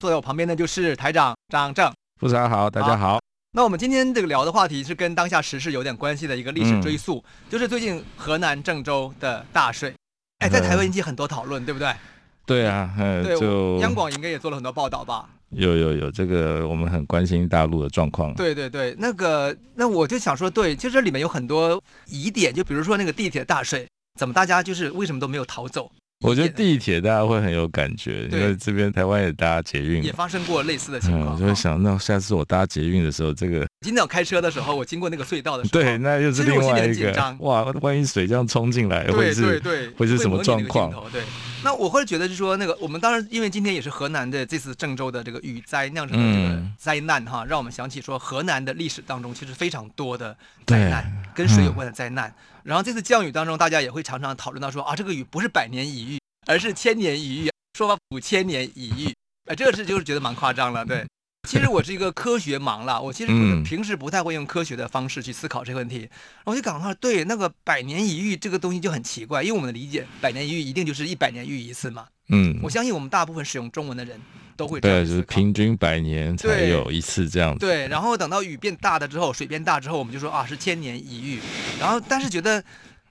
坐在我旁邊的就是台長張正，富察好，大家好。好，那我們今天這個聊的話題是跟當下時事有點關係的一個歷史追溯，嗯、就是最近河南鄭州的大水，哎、欸，在台灣引起很多討論，對不、嗯、對？嗯、對啊，就央廣應該也做了很多報道吧、嗯？有有有，這個我們很關心大陸的狀況。對對對，那個那我就想說，對，就這裡面有很多疑點，就比如說那個地鐵大水，怎麼大家就是為什麼都沒有逃走？我覺得地鐵大家會很有感覺，因為這邊台灣也搭捷運，也發生過類似的情況。我就會想到下次我搭捷運的時候，這個。今天我開車的時候，我經過那個隧道的時候。對，那就是另外一個。哇，萬一水這樣衝進來，對對對，會是什麼狀況？對。那我會覺得就是說，那個我們當然因為今天也是河南的這次鄭州的這個雨災釀成的這個災難哈，讓我們想起說河南的歷史當中其實非常多的災難跟水有關的災難。然後這次降雨當中，大家也會常常討論到說啊，這個雨不是百年一遇。而是千年一遇，說吧五千年一遇，哎、呃，這個事就是覺得蠻誇張了。對，其實我是一個科學盲了，我其實可能平時不太會用科學的方式去思考這個問題。我、嗯、就趕快對那個百年一遇這個東西就很奇怪，因為我們的理解，百年一遇一定就是一百年遇一次嘛。嗯，我相信我們大部分使用中文的人都會對，就是平均百年才有一次這樣子。對，對，然後等到雨變大了之後，水變大之後，我們就說啊是千年一遇，然後但是覺得。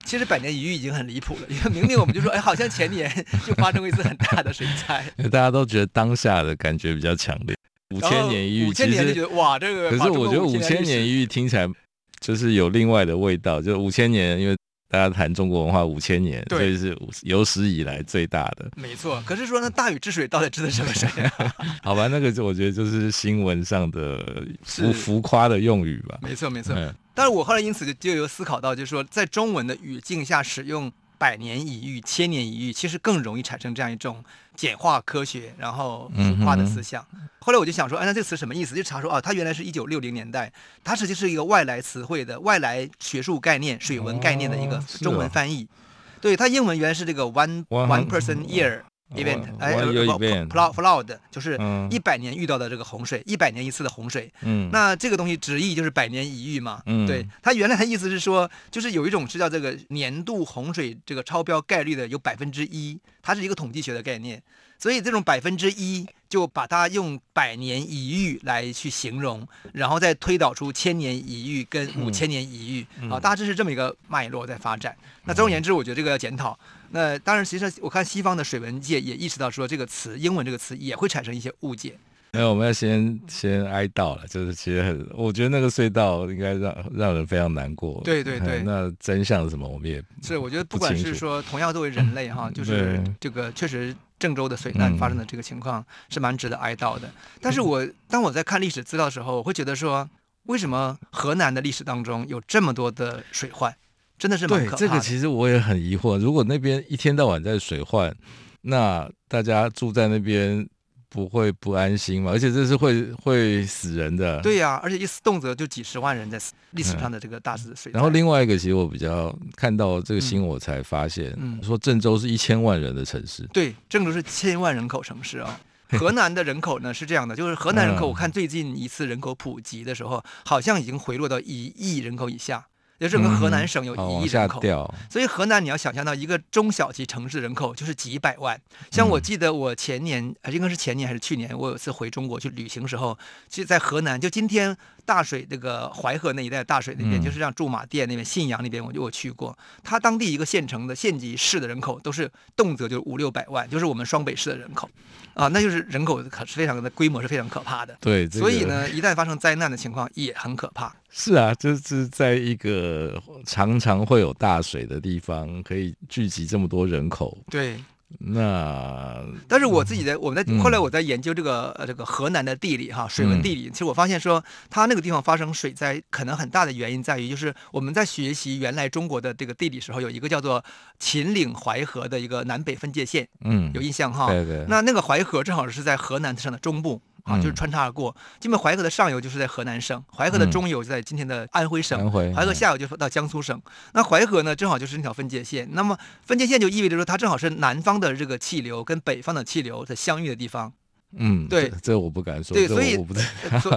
其實百年一遇已經很離譜了，因為明明我們就說，哎，好像前年就發生過一次很大的水災，因為 大家都覺得當下的感覺比較強烈。後五千年一遇，其實五千年就哇，這個是可是我覺得五千年一遇聽起來就是有另外的味道，就是五千年，因為大家談中國文化五千年，對所以是有史以來最大的。沒錯，可是說那大禹治水到底治的什麼水呀？ 好吧，那個就我覺得就是新聞上的浮是浮誇的用語吧。沒錯，沒錯。嗯但是我後來因此就就有思考到，就是說，在中文的語境下使用“百年一遇”“千年一遇”，其實更容易產生這樣一種簡化科學然後浮誇的思想。嗯、哼哼後來我就想說，哎，那這個詞什麼意思？就查說啊、哦，它原來是一九六零年代，它實際是一個外來詞彙的外來學術概念、水文概念的一個中文翻譯。哦、對，它英文原來是這個 one one person year，哦。哦一遍，哎 f l o w flood 就是一百年遇到的這個洪水，一百年一次的洪水。嗯，那這個東西直譯就是百年一遇嘛。嗯，對，它原來的意思是說，就是有一種是叫這個年度洪水這個超標概率的有百分之一，它是一個統計學的概念。所以這種百分之一就把它用百年一遇來去形容，然後再推導出千年一遇跟五千年一遇。嗯嗯、啊，大致是這麼一個脈絡在發展。那總而言之，我覺得這個要檢討。嗯嗯那當然，實際上我看西方的水文界也意識到說，這個詞英文這個詞也會產生一些誤解。沒有，我們要先先哀悼了，就是其實很，我覺得那個隧道應該讓讓人非常難過。對對對，那真相是什麼我們也是我覺得不管是說同樣作為人類哈，嗯、就是這個確實鄭州的水難發生的這個情況是蠻值得哀悼的。嗯、但是我當我在看歷史資料的時候，我會覺得說，為什麼河南的歷史當中有這麼多的水患？真的是對這個，其實我也很疑惑。如果那邊一天到晚在水患，那大家住在那邊不會不安心嘛？而且這是會會死人的。對呀、啊，而且一次動輒就幾十萬人，在歷史上的這個大水、嗯。然後另外一個，其實我比較看到這個新聞，我才發現，嗯嗯、說鄭州是一千萬人的城市。對，鄭州是千萬人口城市啊、哦。河南的人口呢 是這樣的，就是河南人口，我看最近一次人口普及的時候，嗯、好像已經回落到一億人口以下。也是跟河南省有一億人口，嗯哦、所以河南你要想象到一個中小級城市的人口就是幾百萬。像我記得我前年，應該是前年還是去年，我有一次回中國去旅行時候，就在河南，就今天。大水，那個淮河那一帶，大水那邊，嗯、就是像駐馬店那邊、信陽那邊，我就我去過。他當地一個縣城的縣級市的人口，都是動輒就是五六百萬，就是我們雙北市的人口啊，那就是人口，可是非常的規模是非常可怕的。對，所以呢，這個、一旦發生災難的情況，也很可怕。是啊，就是在一個常常會有大水的地方，可以聚集這麼多人口。對。那，但是我自己在我們在後來我在研究這個這個河南的地理哈，水文地理，其實我發現說，它那個地方發生水災，可能很大的原因在於，就是我們在學習原來中國的這個地理時候，有一個叫做秦嶺淮河的一個南北分界線，嗯，有印象哈，對對，那那個淮河正好是在河南省的中部。啊，就是穿插而過。基本淮河的上游就是在河南省，淮河的中游就在今天的安徽省，嗯、安徽淮河下游就是到江蘇省。嗯、那淮河呢，正好就是那條分界線。那麼分界線就意味着說，它正好是南方的這個氣流跟北方的氣流在相遇的地方。嗯，對，這，這我不敢說。對，所以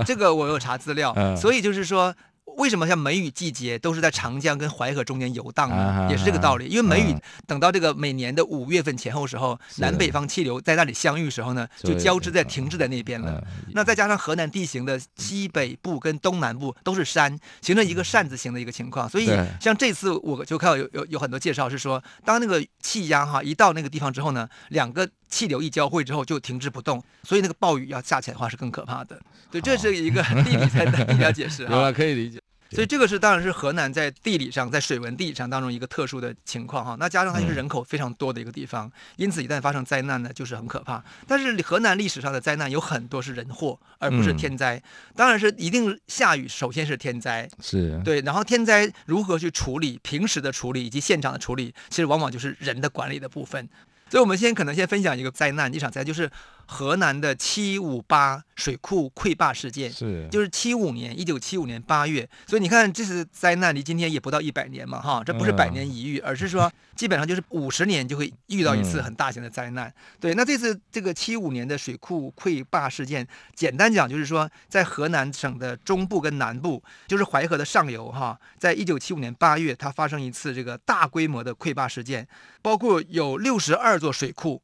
這個我有查資料，嗯、所以就是說。為什麼像梅雨季節都是在長江跟淮河中間遊蕩呢？也是這個道理，因為梅雨等到這個每年的五月份前後時候，的南北方氣流在那裡相遇的時候呢，就交織在停滯在那邊了。嗯嗯、那再加上河南地形的西北部跟東南部都是山，形成一個扇子形的一個情況。所以像這次我就看到有有有很多介紹是說，當那個氣壓哈一到那個地方之後呢，兩個氣流一交匯之後就停滯不動，所以那個暴雨要下起來的話是更可怕的。對，好這是一個地理在要解釋啊， 有了，可以理解。所以這個是當然是河南在地理上，在水文地理上當中一個特殊的情況哈，那加上它，就是人口非常多的一個地方，因此一旦發生災難呢，就是很可怕。但是河南歷史上的災難有很多是人禍，而不是天災。當然是一定下雨，首先是天災，是對，然後天災如何去處理，平時的處理以及現場的處理，其實往往就是人的管理的部分。所以我們先可能先分享一個災難，一場災就是。河南的七五八水庫潰壩事件是，就是七五年，一九七五年八月，所以你看這次災難離今天也不到一百年嘛，哈，這不是百年一遇，嗯、而是說基本上就是五十年就會遇到一次很大型的災難。嗯、對，那這次這個七五年的水庫潰壩事件，簡單講就是說，在河南省的中部跟南部，就是淮河的上游，哈，在一九七五年八月，它發生一次這個大規模的潰壩事件，包括有六十二座水庫。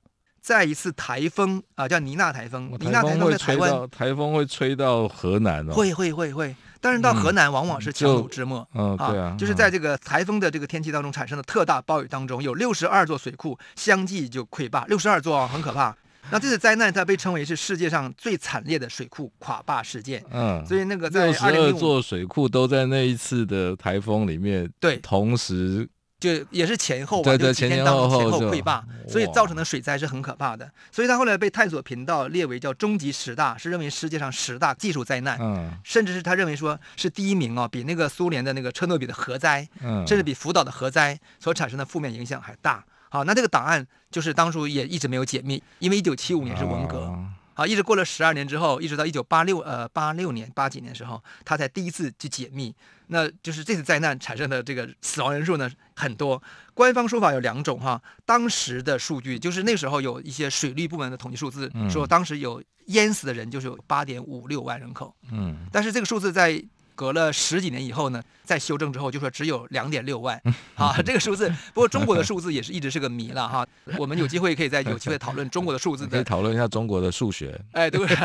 再一次台風啊、呃，叫尼娜台風。風尼娜台風在台灣，台風會吹到河南、哦、會會會會，但是到河南往往是強弩之末。嗯，哦、啊對啊，就是在這個台風的這個天氣當中產生的特大暴雨當中，有六十二座水庫相繼就潰壩，六十二座啊、哦，很可怕。 那這次災難它被稱為是世界上最慘烈的水庫垮壩事件。嗯，所以那個在二零零五六十二座水庫都在那一次的台風裡面，對，同時。就也是前後吧，對對，就幾天當中前後潰壩，前前後後所以造成的水災是很可怕的。哇所以他後來被探索頻道列為叫終極十大，是認為世界上十大技術災難。嗯，甚至是他認為說是第一名啊、哦，比那個蘇聯的那個車諾比的核災，嗯、甚至比福島的核災所產生的負面影響還大。好，那這個檔案就是當初也一直沒有解密，因為一九七五年是文革。啊好，一直過了十二年之後，一直到一九八六呃八六年八幾年的時候，他才第一次去解密。那就是這次災難產生的這個死亡人數呢很多，官方說法有兩種哈。當時的數據就是那時候有一些水利部門的統計數字，說當時有淹死的人就是有八點五六萬人口。嗯，但是這個數字在。隔了十幾年以後呢，再修正之後就說只有兩點六萬，好、啊，這個數字。不過中國的數字也是一直是個謎了哈、啊。我們有機會可以再有機會討論中國的數字的。可以討論一下中國的數學。哎，對不對？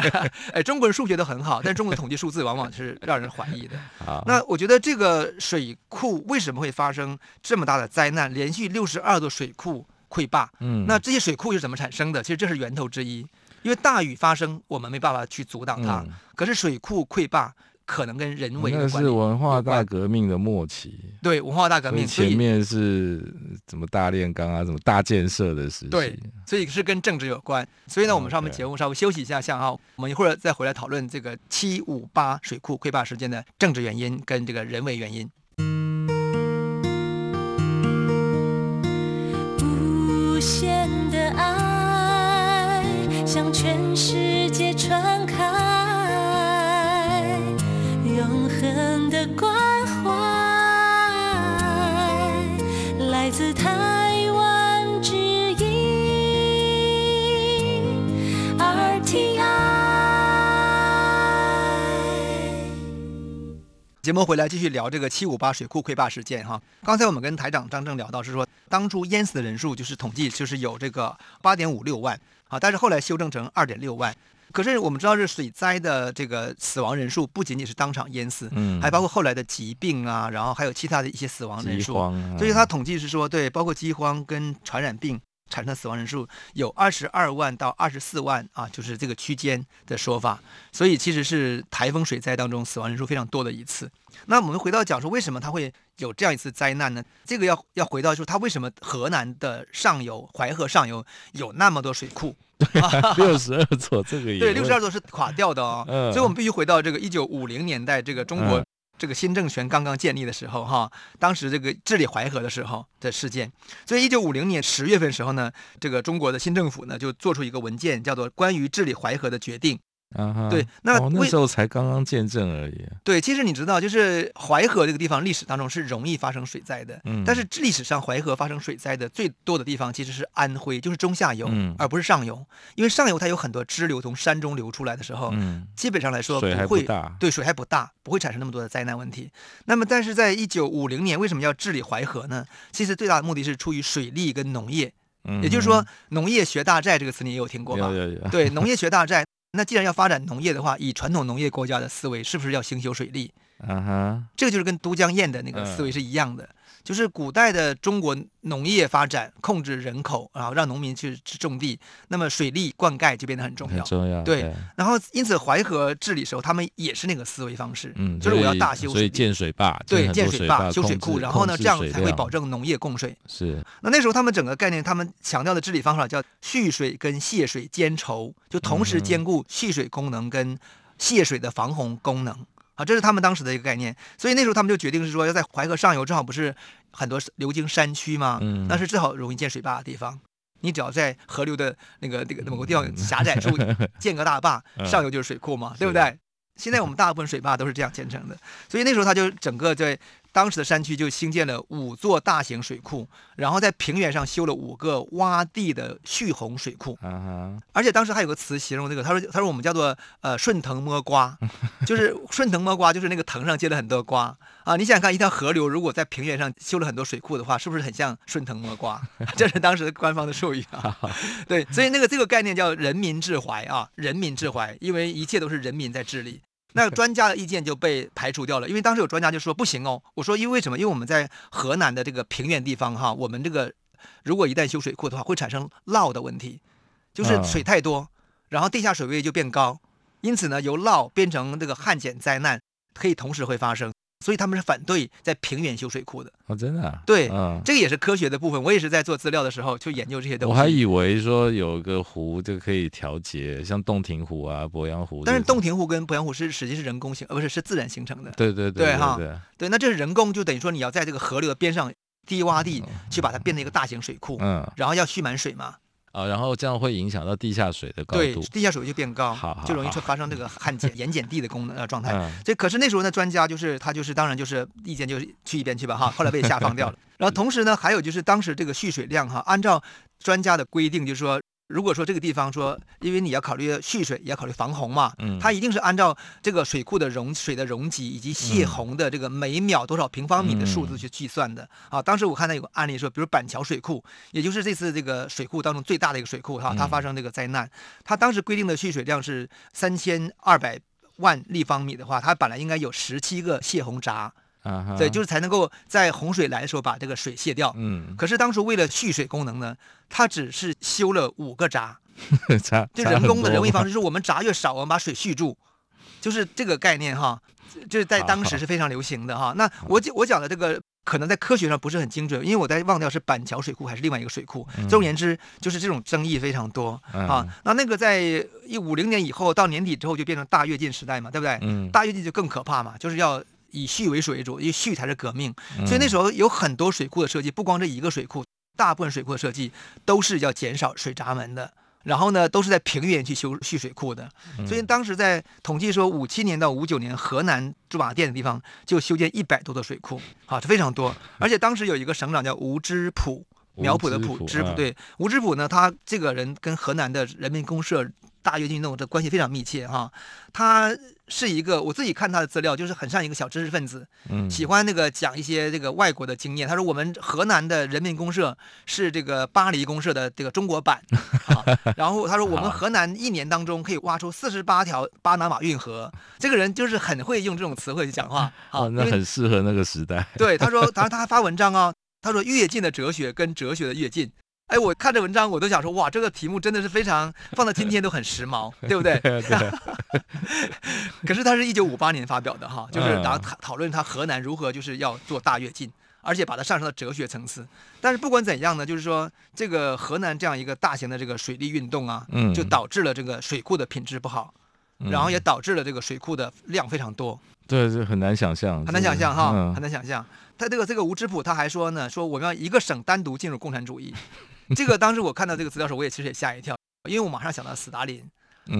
哎，中國人數學都很好，但中國的統計數字往往是讓人懷疑的。好那我覺得這個水庫為什麼會發生這麼大的災難？連續六十二座水庫潰壩，嗯，那這些水庫是怎麼產生的？其實這是源頭之一，因為大雨發生，我們沒辦法去阻擋它。嗯、可是水庫潰壩。可能跟人為關，那是文化大革命的末期，關對，文化大革命前面是以怎麼大煉鋼啊，什麼大建設的時期？對，所以是跟政治有關。所以呢，Okay. 我們上我們節目稍微休息一下，下浩，我們一會兒再回來討論這個七五八水庫潰壩事件的政治原因跟這個人為原因。節目回來繼續聊這個七五八水庫潰壩事件哈。剛才我們跟台長張正聊到是說，當初淹死的人數就是統計就是有這個八點五六萬啊，但是後來修正成二點六萬。可是我們知道是水災的這個死亡人數不僅僅是當場淹死，嗯，還包括後來的疾病啊，然後還有其他的一些死亡人數，嗯，所以他統計是說對，包括饑荒跟傳染病。產生的死亡人數有二十二萬到二十四萬啊，就是這個區間的說法。所以其實是台風水災當中死亡人數非常多的一次。那我們回到講說，為什麼它會有這樣一次災難呢？這個要要回到說，它為什麼河南的上游淮河上游有那麼多水庫？對啊，六十二座，這個也 對，六十二座是垮掉的啊、哦，嗯，所以我們必須回到這個一九五零年代，這個中國。這個新政權剛剛建立的時候，哈，當時這個治理淮河的時候的事件，所以一九五零年十月份時候呢，這個中國的新政府呢就做出一個文件，叫做《關於治理淮河的決定》。啊對，那、哦、那時候才剛剛見證而已、啊。對，其實你知道，就是淮河這個地方，歷史當中是容易發生水災的。嗯、但是歷史上淮河發生水災的最多的地方其實是安徽，就是中下游，嗯、而不是上游。因為上游它有很多支流從山中流出來的時候，嗯、基本上來說不會水還不大，對，水還不大，不會產生那麼多的災難問題。那麼，但是在一九五零年，為什麼要治理淮河呢？其實最大的目的是出於水利跟農業。嗯、也就是說，“農業學大寨”這個詞你也有聽過吧？有有有，對，“農業學大寨”。 那既然要發展農業的話，以傳統農業國家的思維，是不是要興修水利？Uh huh. 這個就是跟都江堰的那個思維是一樣的。就是古代的中國農業發展，控制人口，然後讓農民去種地，那麼水利灌溉就變得很重要。重要，對。然後因此淮河治理時候，他們也是那個思維方式。嗯，就是我要大修水，水建水壩。水壩，對，建水壩、修水庫，控制然後呢，這樣才會保證農業供水。是。那那時候他們整個概念，他們強調的治理方法叫蓄水跟泄水兼籌，就同時兼顧蓄水功能跟泄水的防洪功能。嗯啊、這是他們當時的一個概念，所以那時候他們就決定是說，要在淮河上游，正好不是很多流經山區嘛，嗯、但是最好容易建水壩的地方。你只要在河流的那個那個某個地方狹窄處、嗯、建個大壩，嗯、上游就是水庫嘛，嗯、對不對？是的。現在我們大部分水壩都是這樣建成的，所以那時候他就整個在。當時的山區就興建了五座大型水庫，然後在平原上修了五個窪地的蓄洪水庫。而且當時還有個詞形容這個，他說：“他說我們叫做呃順藤摸瓜，就是順藤摸瓜，就是那個藤上結了很多瓜啊。”你想想看，一條河流如果在平原上修了很多水庫的話，是不是很像順藤摸瓜？這是當時官方的術語啊。 對，所以那個這個概念叫人民治懷啊，人民治懷，因為一切都是人民在治理。那個專家的意見就被排除掉了，因為當時有專家就說不行哦。我說因為，為什麼？因為我們在河南的這個平原地方哈，我們這個如果一旦修水庫的話，會產生澇的問題，就是水太多，然後地下水位就變高，因此呢，由澇變成這個旱鹼災難，可以同時會發生。所以他們是反對在平原修水庫的哦，真的啊？對，嗯，這個也是科學的部分。我也是在做資料的時候去研究這些東西。我還以為說有一個湖就可以調節，像洞庭湖啊、鄱陽湖。但是洞庭湖跟鄱陽湖是實際是人工形，呃，不是，是自然形成的。對對對，對哈，對，那這是人工，就等於說你要在這個河流的邊上低洼地去把它變成一個大型水庫，嗯，嗯，然後要蓄滿水嘛。啊、哦，然後這樣會影響到地下水的高度，對，地下水就變高，好好好就容易出發生這個旱鹼 鹽鹼地的功能呃狀態。所以，可是那時候呢，專家就是他就是當然就是意見就是去一邊去吧哈，後來被下放掉了。 是然後同時呢，還有就是當時這個蓄水量哈，按照專家的規定，就是說。如果說這個地方說，因為你要考慮蓄水，也要考慮防洪嘛，嗯，它一定是按照這個水庫的容水的容積以及洩洪的這個每秒多少平方米的數字去計算的。嗯。啊，當時我看到有個案例說，比如板橋水庫，也就是這次這個水庫當中最大的一個水庫哈，啊，它發生這個災難，嗯，它當時規定的蓄水量是三千二百萬立方米的話，它本來應該有十七個洩洪閘。啊，uh huh、對，就是才能夠在洪水來的時候把這個水泄掉。嗯，可是當初為了蓄水功能呢，它只是修了五個閘， 就人工的人為方式。就是我們閘越少，我們把水蓄住，就是這個概念哈。就是在當時是非常流行的哈。 那我講我講的這個可能在科學上不是很精準，因為我在忘掉是板橋水庫還是另外一個水庫。總而言之，就是這種爭議非常多、嗯、啊。那那個在一五零年以後到年底之後就變成大躍進時代嘛，對不對？嗯，大躍進就更可怕嘛，就是要。以蓄為主主，因為蓄才是革命，所以那時候有很多水庫的設計，不光這一個水庫，大部分水庫的設計都是要減少水閘門的，然後呢，都是在平原去修蓄水庫的。所以當時在統計說，五七年到五九年，河南駐馬店的地方就修建一百多座水庫，啊，這非常多。而且當時有一個省長叫吳芝圃，苗圃的圃，芝、啊，圃對，吳芝圃呢，他這個人跟河南的人民公社。大躍進運動這關係非常密切哈、啊，他是一個我自己看他的資料，就是很像一個小知識分子，嗯，喜歡那個講一些這個外國的經驗。他說我們河南的人民公社是這個巴黎公社的這個中國版，啊，然後他說我們河南一年當中可以挖出四十八條巴拿馬運河。這個人就是很會用這種詞彙去講話，好，那很適合那個時代。對，他說，他說他還發文章啊，哦，他說躍進的哲學跟哲學的躍進。哎，我看這文章，我都想說，哇，這個題目真的是非常放到今天，天都很時髦，對不對？ 對對 可是他是一九五八年發表的哈，就是然後討論他河南如何就是要做大躍進，而且把它上升到哲學層次。但是不管怎樣呢，就是說這個河南這樣一個大型的這個水利運動啊，嗯，就導致了這個水庫的品質不好，嗯、然後也導致了這個水庫的量非常多。對，是很難想象。很難想象哈，對哦、很難想象。他這個這個吳芝圃他還說呢，說我們要一個省單獨進入共產主義。 這個當時我看到這個資料時候，我也其實也嚇一跳，因為我馬上想到斯大林，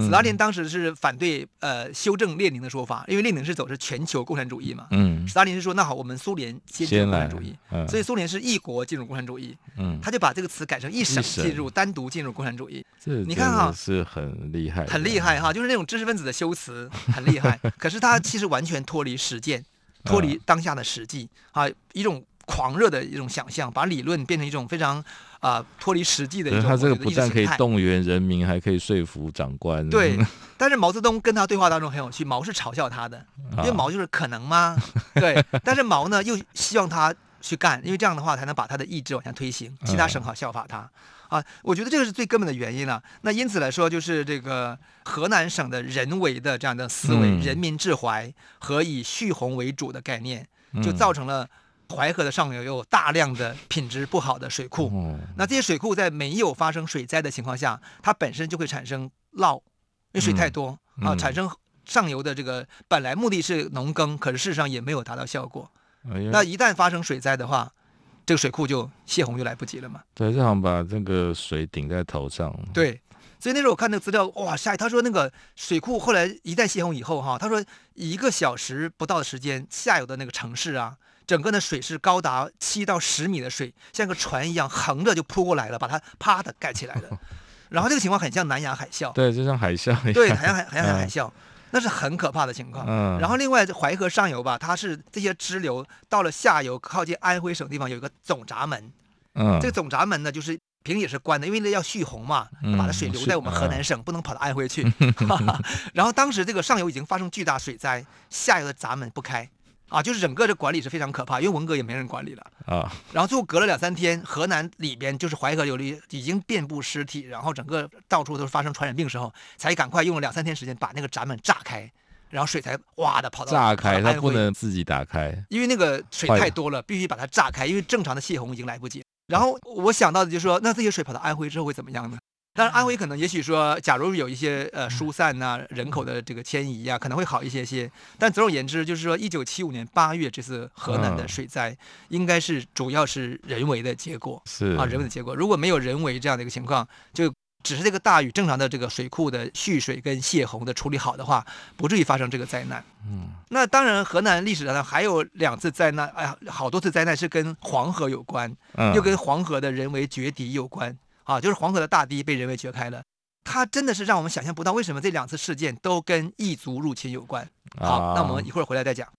斯大林當時是反對呃修正列寧的說法，因為列寧是走是全球共產主義嘛，嗯，斯大林是說那好，我們蘇聯先進入共產主義，嗯、所以蘇聯是一國進入共產主義，嗯，他就把這個詞改成一省進入，嗯、單獨進入共產主義，你看哈，是很厲害、啊，很厲害哈、啊，就是那種知識分子的修辭很厲害， 可是他其實完全脫離實踐，脫離當下的實際啊，一種。狂熱的一種想象，把理論變成一種非常啊脫離實際的一種。他這個不但可以動員人民，還可以說服長官。對， 但是毛澤東跟他對話當中很有趣，毛是嘲笑他的，因為毛就是可能嗎？啊、對， 但是毛呢又希望他去幹，因為這樣的話才能把他的意志往下推行，其他省好效法他啊、啊。我覺得這個是最根本的原因了、啊。那因此來說，就是這個河南省的人為的這樣的思維，嗯、人民治淮和以蓄洪為主的概念，嗯、就造成了。淮河的上游有大量的品質不好的水庫，那這些水庫在沒有發生水災的情況下，它本身就會產生澇，因為水太多，嗯嗯、啊，產生上游的這個本來目的是農耕，可是事實上也沒有達到效果。哎、呀那一旦發生水災的話，這個水庫就泄洪就來不及了嘛。對，就好像把這個水頂在頭上。對，所以那時候我看那個資料，哇塞，他說那個水庫後來一旦泄洪以後哈，啊，他說一個小時不到的時間，下游的那個城市啊。整個的水是高達七到十米的水，像個船一樣橫着就撲過來了，把它啪的蓋起來了。然後這個情況很像南亞海嘯，對，就像海嘯，對，很像海，很像、啊、海嘯，那是很可怕的情況。嗯。然後另外淮河上游吧，它是這些支流到了下游靠近安徽省的地方有一個總閘門，嗯，這個總閘門呢就是平時也是關的，因為要蓄洪嘛，把它水留在我們河南省，嗯啊、不能跑到安徽去。 然後當時這個上游已經發生巨大水災，下游的閘門不開。啊，就是整個這管理是非常可怕，因為文革也沒人管理了啊。然後最後隔了兩三天，河南裡邊就是淮河流域已經遍布屍體，然後整個到處都是發生傳染病時候，才趕快用了兩三天時間把那個閘門炸開，然後水才哇的跑到。炸開，它不能自己打開，因為那個水太多了，了必須把它炸開，因為正常的洩洪已經來不及。然後我想到的就是說，那這些水跑到安徽之後會怎麼樣呢？當然，安徽可能也許說，假如有一些呃疏散吶、啊，嗯、人口的這個遷移呀、啊，可能會好一些些。但總而言之，就是說，一九七五年八月這次河南的水災，應該是主要是人為的結果，是、嗯、啊，人為的結果。如果沒有人為這樣的一個情況，就只是這個大雨正常的這個水庫的蓄水跟泄洪的處理好的話，不至於發生這個災難。嗯，那當然，河南歷史上還有兩次災難，哎呀，好多次災難是跟黃河有關，嗯、又跟黃河的人為決堤有關。啊，就是黃河的大堤被人為掘開了，它真的是讓我們想象不到，為什麼這兩次事件都跟異族入侵有關。好，那我們一會兒回來再講。啊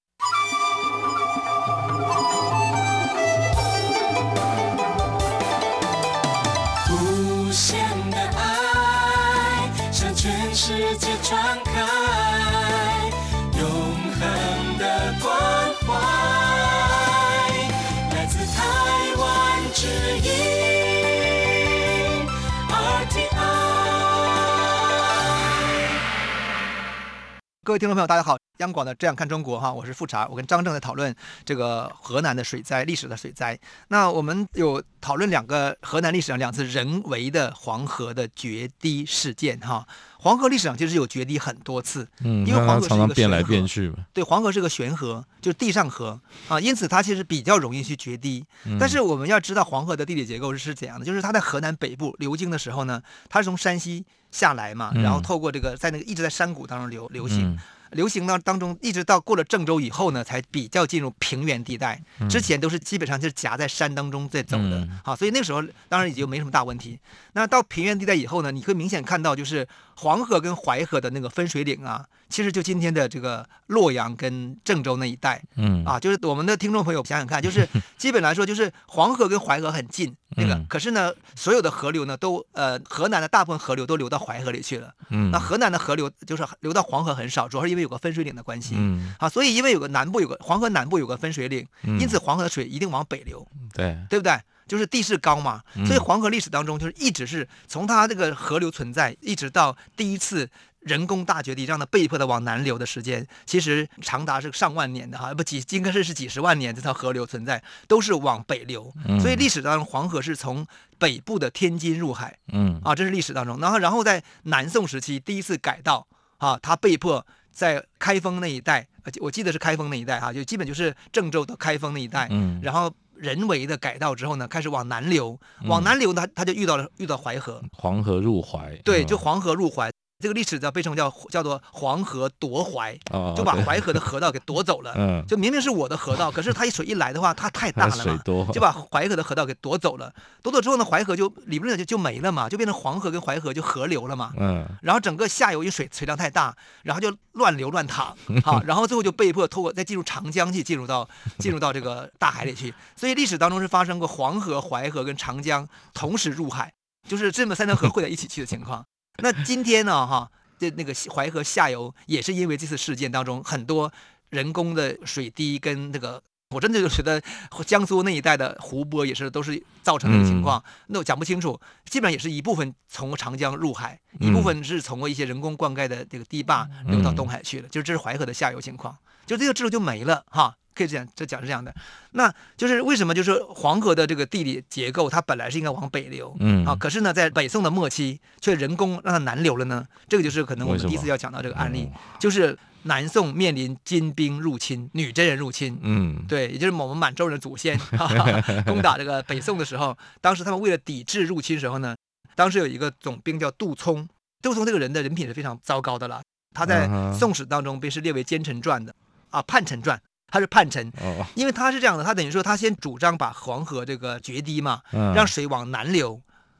各位聽眾朋友，大家好。央廣的這樣看中國哈，我是富察。我跟張正在討論這個河南的水災，歷史的水災。那我們有討論兩個河南歷史上兩次人為的黃河的決堤事件哈。黃河歷史上其實有決堤很多次，嗯，因為黃河，是一個河、嗯、常常變來變去嘛。對，黃河是個懸河，就是地上河啊，因此它其實比較容易去決堤。嗯，但是我們要知道黃河的地理結構是怎樣的，就是它在河南北部流經的時候呢，它是從山西下來嘛，然後透過這個在那個一直在山谷當中流流行。嗯嗯流行到當中，一直到過了鄭州以後呢，才比較進入平原地帶。之前都是基本上就是夾在山當中在走的啊、嗯，所以那個時候當然也就沒什麼大問題。那到平原地帶以後呢，你會明顯看到就是。黃河跟淮河的那個分水嶺啊，其實就今天的這個洛陽跟鄭州那一帶，嗯啊，就是我們的聽眾朋友想想看，就是基本來說，就是黃河跟淮河很近，嗯、那個，可是呢，所有的河流呢都呃，河南的大部分河流都流到淮河裡去了，嗯，那河南的河流就是流到黃河很少，主要是因為有個分水嶺的關係，嗯啊，所以因為有個南部有個黃河南部有個分水嶺，因此黃河的水一定往北流，嗯、對，對不對？就是地勢高嘛，所以黃河歷史當中就是一直是從它這個河流存在，一直到第一次人工大決堤，讓它被迫的往南流的時間，其實長達是上萬年的哈，不幾應該是是幾十萬年這條河流存在都是往北流，所以歷史當中黃河是從北部的天津入海，啊這是歷史當中，然後然後在南宋時期第一次改道啊，它被迫在開封那一帶，我記得是開封那一帶哈，就基本就是鄭州到開封那一帶，嗯然後。人為的改道之後呢，開始往南流，往南流呢，它，它就遇到了遇到淮河，黃河入淮，對，就黃河入淮。嗯這個歷史叫被稱叫叫做黃河奪淮，oh, oh, 就把淮河的河道給奪走了。嗯、就明明是我的河道，可是它一水一來的話，它太大了嘛，就把淮河的河道給奪走了。奪走之後呢，淮河就理論上就就沒了嘛，就變成黃河跟淮河就合流了嘛。嗯、然後整個下游因水水量太大，然後就亂流亂淌，啊，然後最後就被迫透過再進入長江去，進入到 進入到這個大海裡去。所以歷史當中是發生過黃河、淮河跟長江同時入海，就是這麼三條河匯在一起去的情況。 那今天呢，哈，這那個淮河下游也是因為這次事件當中很多人工的水滴跟那、這個，我真的就覺得江蘇那一帶的湖泊也是都是造成的情況，嗯、那我講不清楚，基本上也是一部分從長江入海，一部分是從一些人工灌溉的這個堤壩流到東海去了，嗯、就是這是淮河的下游情況，就這個制度就沒了，哈。可以講，這講是這樣的，那就是為什麼就是黃河的這個地理結構，它本來是應該往北流，嗯啊，可是呢，在北宋的末期，卻人工讓它南流了呢？這個就是可能我們第一次要講到這個案例，嗯、就是南宋面臨金兵入侵、女真人入侵，嗯，對，也就是我們滿洲人的祖先、啊、攻打這個北宋的時候， 當時他們為了抵制入侵時候呢，當時有一個總兵叫杜充，杜充這個人的人品是非常糟糕的了，他在《宋史》當中被是列為奸臣傳的，嗯、哼啊，叛臣傳。他是叛臣，哦、因為他是這樣的，他等於說他先主張把黃河這個決堤嘛，嗯、讓水往南流，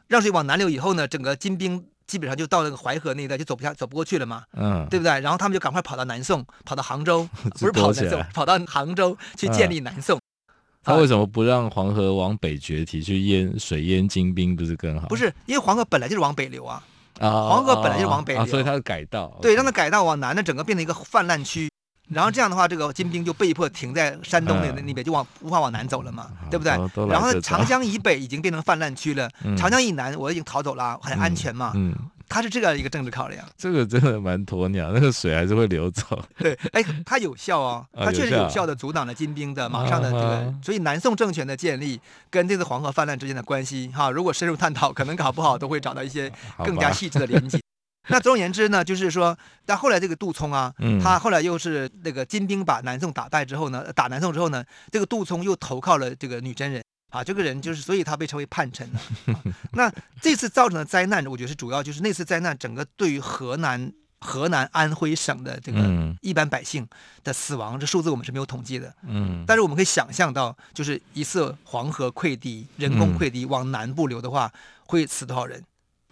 讓水往南流以後呢，整個金兵基本上就到那個淮河那一帶就走不下走不過去了嘛，嗯，對不對？然後他們就趕快跑到南宋，跑到杭州，不是跑到南宋，跑到杭州去建立南宋。嗯啊、他為什麼不讓黃河往北決堤去淹水淹金兵不是更好？不是，因為黃河本來就是往北流啊，啊，黃河本來就是往北流，啊啊、所以它改道，對，okay 讓它改道往南，呢，整個變成一個泛濫區。然後這樣的話，這個金兵就被迫停在山東那那邊，就往、嗯、無法往南走了嘛，好對不對？然後長江以北已經變成泛濫區了，嗯、長江以南我已經逃走了，很安全嘛。嗯，他、嗯、是這樣一個政治考量。這個真的蠻鴕鳥，那個水還是會流走。對，哎，它有效哦，它確實有效的阻擋了金兵的馬上的這個。啊、所以南宋政權的建立跟這次黃河泛濫之間的關係，哈，如果深入探討，可能搞不好都會找到一些更加細緻的連接。好吧 那總而言之呢，就是說，但後來這個杜充啊，嗯、他後來又是那個金兵把南宋打敗之後呢，打南宋之後呢，這個杜充又投靠了這個女真人啊，這個人就是，所以他被稱為叛臣、 啊。那這次造成的災難，我覺得是主要就是那次災難，整個對於河南、河南安徽省的這個一般百姓的死亡，嗯、這數字我們是沒有統計的。嗯、但是我們可以想象到，就是一次黃河潰堤，人工潰堤、嗯、往南部流的話，會死多少人？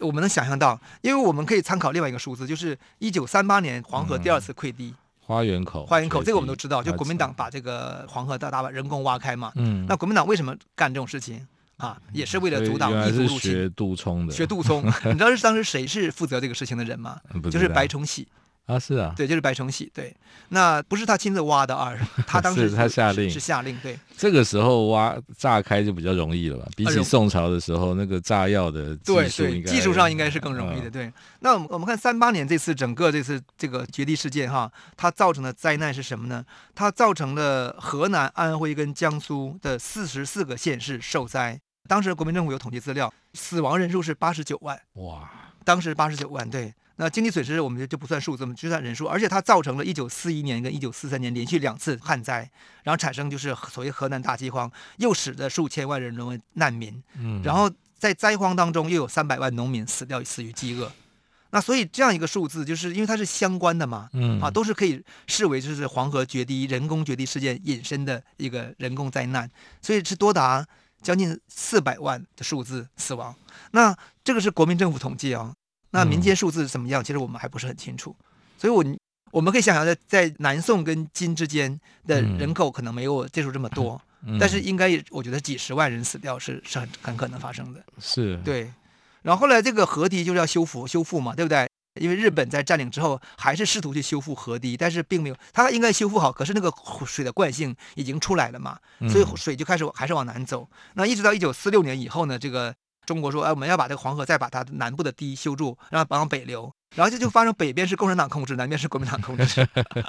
我們能想象到，因為我們可以參考另外一個數字，就是一九三八年黃河第二次潰堤，嗯、花園口。花園口，實這個我們都知道，就國民黨把這個黃河大大把人工挖開嘛。嗯、那國民黨為什麼幹這種事情啊？也是為了阻擋異族入侵。原來是學杜充的。學杜充，你知道是當時誰是負責這個事情的人嗎？嗯、就是白崇禧。啊，是啊，對，就是白崇禧，對，那不是他親自挖的，啊，他當時 他下令是，是下令，對。這個時候挖炸開就比較容易了吧？比起宋朝的時候，啊、那個炸藥的技術應該對，對，技術上應該是更容易的，啊、對。那我們我們看三八年這次整個這次這個決堤事件哈，它造成的災難是什麼呢？它造成了河南、安徽跟江蘇的四十四個縣市受災，當時國民政府有統計資料，死亡人數是八十九萬，哇，當時八十九萬，對。那經濟損失我們就就不算數字，我們就算人數，而且它造成了1941年跟1943年連續兩次旱災，然後產生就是所謂河南大饑荒，又使得數千萬人淪為難民。嗯，然後在災荒當中又有三百萬農民死掉，死於飢餓。那所以這樣一個數字，就是因為它是相關的嘛，嗯，啊，都是可以視為就是黃河決堤、人工決堤事件引申的一個人工災難，所以是多達將近四百萬的數字死亡。那這個是國民政府統計啊。那民間數字怎麼樣？嗯、其實我們還不是很清楚，所以我，我我們可以想想，在在南宋跟金之間的人口可能沒有接觸這麼多，嗯嗯、但是應該我覺得幾十萬人死掉是是很很可能發生的。是，對。然後後來這個河堤就是要修復，修復嘛，對不對？因為日本在佔領之後還是試圖去修復河堤，但是並沒有，它應該修復好，可是那個水的慣性已經出來了嘛，所以水就開始還是往南走。嗯、那一直到一九四六年以後呢，這個。中國說，哎，我們要把這個黃河再把它南部的堤修住，讓它往，往北流，然後這就發生北邊是共產黨控制， 南邊是國民黨控制。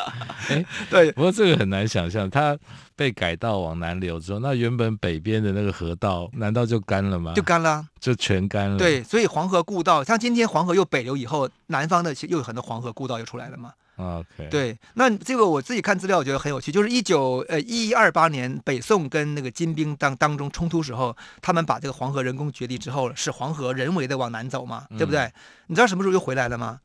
對、哎，不過這個很難想象，它被改道往南流之後，那原本北邊的那個河道難道就乾了嗎？就乾了、啊，就全乾了。對，所以黃河故道，像今天黃河又北流以後，南方的又有很多黃河故道又出來了嘛。Okay. 對，那這個我自己看資料，我覺得很有趣。就是一九呃一一二八年，北宋跟那個金兵，當當中衝突時候，他們把這個黃河人工決堤之後，使黃河人為的往南走嘛，對不對？嗯、你知道什麼時候又回來了嗎？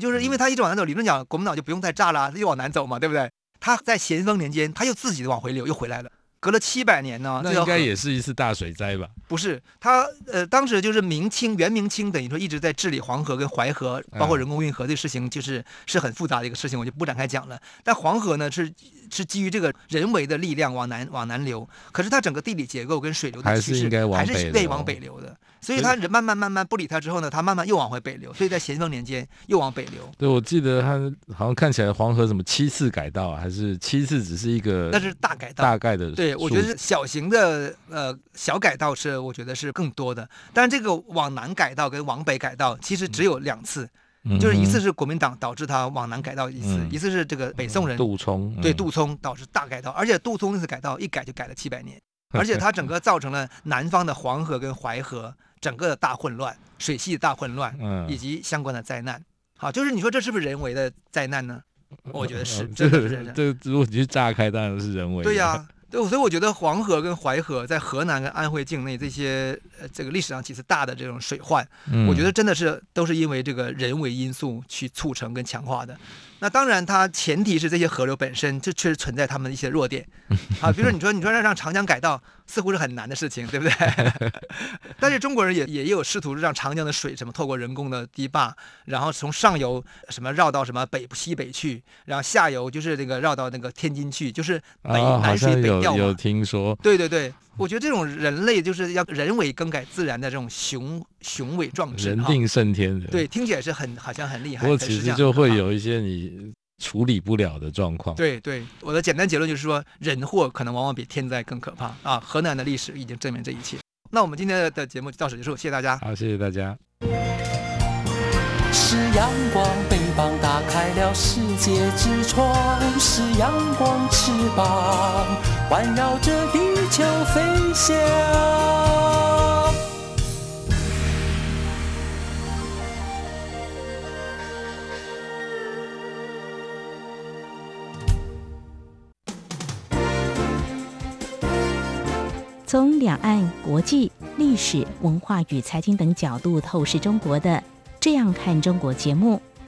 就是因為他一直往南走，理論講國民黨就不用再炸了，他就往南走嘛，對不對？他在咸豐年間，他又自己往回流，又回來了。隔了七百年呢、哦，那應該也是一次大水災吧？不是，他呃，當時就是明清、元明清等於說一直在治理黃河跟淮河，包括人工運河、啊、這個事情，就是是很複雜的一個事情，我就不展開講了。但黃河呢，是是基於這個人為的力量往南往南流，可是它整個地理結構跟水流的趨勢還是應該往北還是往北流的，所以他人慢慢慢慢不理他之後呢，他慢慢又往回北流。所以在咸豐年間又往北流。對，我記得他好像看起來黃河什麼七次改道啊，還是七次只是一個，但、嗯、是大改道，大概的對。我覺得是小型的，呃，小改道是我覺得是更多的。但這個往南改道跟往北改道其實只有兩次，嗯、哼就是一次是國民黨導致他往南改道一次，嗯、一次是這個北宋人杜充，對杜充、嗯嗯、導致大改道，而且杜充那次改道一改就改了七百年，而且他整個造成了南方的黃河跟淮河 整個的大混亂、水系的大混亂，嗯、以及相關的災難。好，就是你說這是不是人為的災難呢？我覺得是，嗯嗯、這是這如果你去炸開，當然是人為的。對呀、啊。所以我覺得黃河跟淮河在河南跟安徽境內這些呃，這個歷史上幾次大的這種水患，我覺得真的是都是因為這個人為因素去促成跟強化的。那當然，它前提是這些河流本身就確實存在他們的一些弱點啊，比如說你說你說讓讓長江改道，似乎是很難的事情，對不對？但是中國人也也有試圖讓長江的水什麼透過人工的堤壩，然後從上游什麼繞到什麼北西北去，然後下游就是這個繞到那個天津去，就是南水北。有聽說，對對對，我覺得這種人類就是要人為更改自然的這種雄雄偉壯志，啊、人定勝天。對，聽起來是很好像很厲害，不過其實就會有一些你處理不了的狀況，啊。對對，我的簡單結論就是說，人禍可能往往比天災更可怕啊！河南的歷史已經證明這一切。那我們今天的節目就到此結束，謝謝大家。好，謝謝大家。是陽光。幫打開了世界之窗，是陽光翅膀，環繞着地球飛翔。從兩岸、國際、歷史、文化與財經等角度透視中國的《這樣看中國》節目。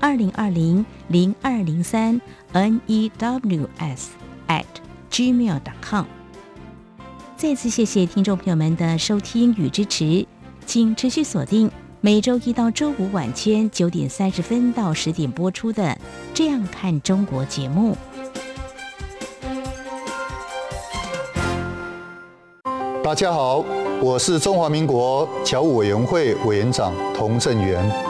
二零二零零二零三 news at gmail.com。Com 再次謝謝聽眾朋友們的收聽與支持，請持續鎖定每周一到周五晚間九點三十分到十點播出的《這樣看中國》節目。大家好，我是中華民國僑務委員會委員長童振源。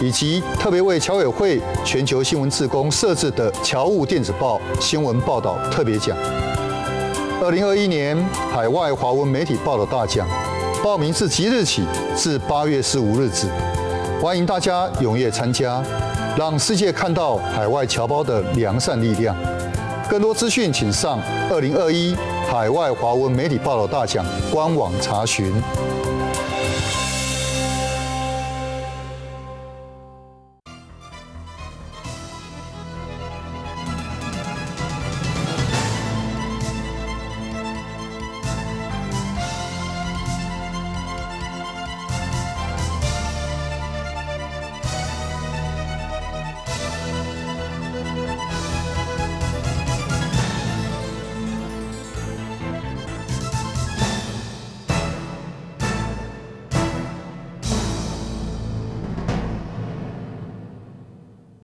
以及特別為僑委會全球新聞志工設置的僑務電子報新聞報道特別獎，二零二一年海外華文媒體報道大獎報名自即日起至八月十五日止，歡迎大家踴躍參加，讓世界看到海外僑胞的良善力量。更多資訊請上二零二一海外華文媒體報道大獎官網查詢。